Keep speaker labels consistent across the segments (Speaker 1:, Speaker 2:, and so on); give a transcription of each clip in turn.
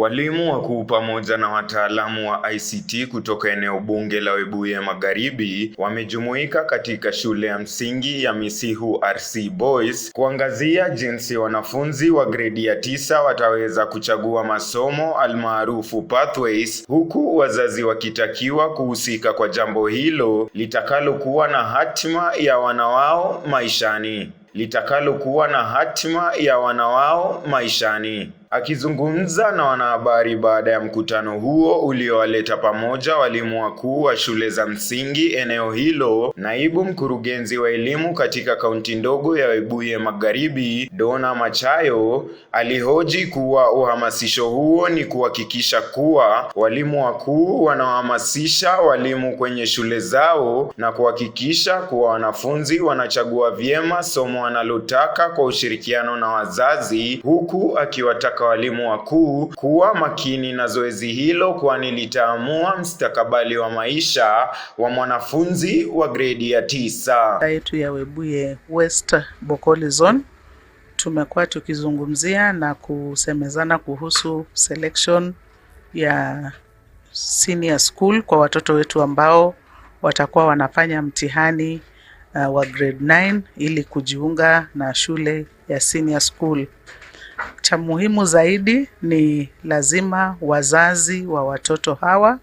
Speaker 1: Walimu wakuu pamoja na wataalamu wa ICT kutoka eneo bunge la Webuye Magharibi wamejumuika katika shule ya msingi ya Misihu RC Boys kuangazia jinsi wanafunzi wa gredi ya tisa wataweza kuchagua masomo almaarufu pathways, huku wazazi wakitakiwa kuhusika kwa jambo hilo litakalokuwa na hatima ya wana wao maishani litakalokuwa na hatima ya wana wao maishani. Akizungumza na wanahabari baada ya mkutano huo uliowaleta pamoja walimu wakuu wa shule za msingi eneo hilo, naibu mkurugenzi wa elimu katika kaunti ndogo ya Webuye Magharibi, dona Machayo, alihoji kuwa uhamasisho huo ni kuhakikisha kuwa walimu wakuu wanawahamasisha walimu kwenye shule zao na kuhakikisha kuwa wanafunzi wanachagua vyema somo wanalotaka kwa ushirikiano na wazazi, huku akiwataka kuwataka walimu wakuu kuwa makini na zoezi hilo, kwani litaamua mstakabali wa maisha wa mwanafunzi wa gredi ya tisa
Speaker 2: yetu ya Webuye West Bokoli Zone. Tumekuwa tukizungumzia na kusemezana kuhusu selection ya senior school kwa watoto wetu ambao watakuwa wanafanya mtihani uh, wa grade 9 ili kujiunga na shule ya senior school cha muhimu zaidi ni lazima wazazi wa watoto hawa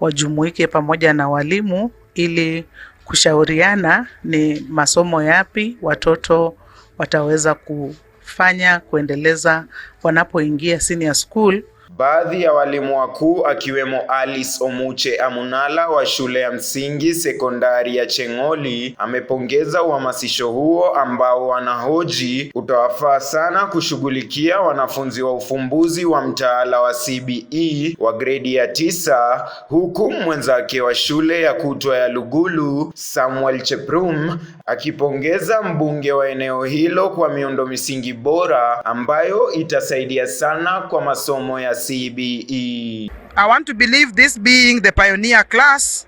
Speaker 2: wajumuike pamoja na walimu ili kushauriana ni masomo yapi watoto wataweza kufanya kuendeleza wanapoingia senior school.
Speaker 1: Baadhi ya walimu wakuu akiwemo Alice Omuche Amunala wa shule ya msingi sekondari ya Cheng'oli amepongeza uhamasisho huo ambao wanahoji utawafaa sana kushughulikia wanafunzi wa ufumbuzi wa mtaala wa CBE wa gredi ya tisa, huku mwenzake wa shule ya kutwa ya Lugulu Samuel Cheprum akipongeza mbunge wa eneo hilo kwa miundo misingi bora ambayo itasaidia sana kwa masomo ya CBE.
Speaker 3: I want to believe this being the pioneer class,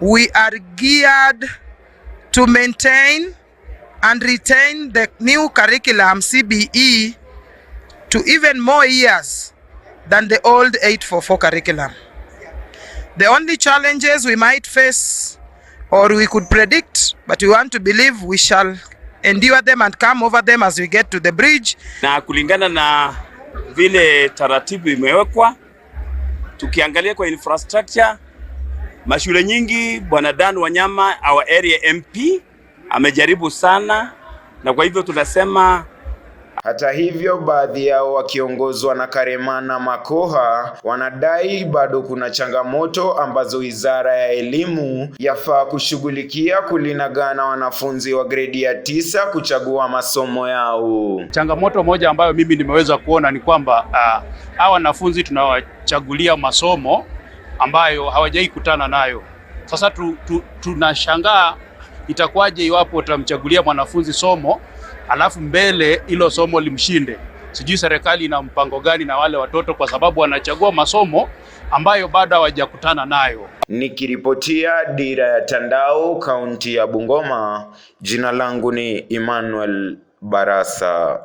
Speaker 3: we are geared to maintain and retain the new curriculum CBE to even more years than the old 844 curriculum. The only challenges we might face or we could predict, but we want to believe we shall endure them and come over them as we get to the bridge.
Speaker 4: Na kulingana na vile taratibu imewekwa. Tukiangalia kwa infrastructure, mashule nyingi, bwana Dan Wanyama, our area MP amejaribu sana, na kwa hivyo tunasema
Speaker 1: hata hivyo, baadhi yao wakiongozwa na Karemana Makoha wanadai bado kuna changamoto ambazo Wizara ya Elimu yafaa kushughulikia kulinagana wanafunzi wa gredi ya tisa kuchagua masomo yao.
Speaker 4: Changamoto moja ambayo mimi nimeweza kuona ni kwamba uh, hawa uh, wanafunzi tunawachagulia masomo ambayo hawajai kutana nayo. Sasa tu, tu, tunashangaa itakuwaje iwapo utamchagulia mwanafunzi somo alafu mbele ilo somo limshinde. Sijui serikali ina mpango gani na wale watoto, kwa sababu wanachagua masomo ambayo bado hawajakutana nayo.
Speaker 1: Nikiripotia Dira ya Tandao, kaunti ya Bungoma, jina langu ni Emmanuel Barasa.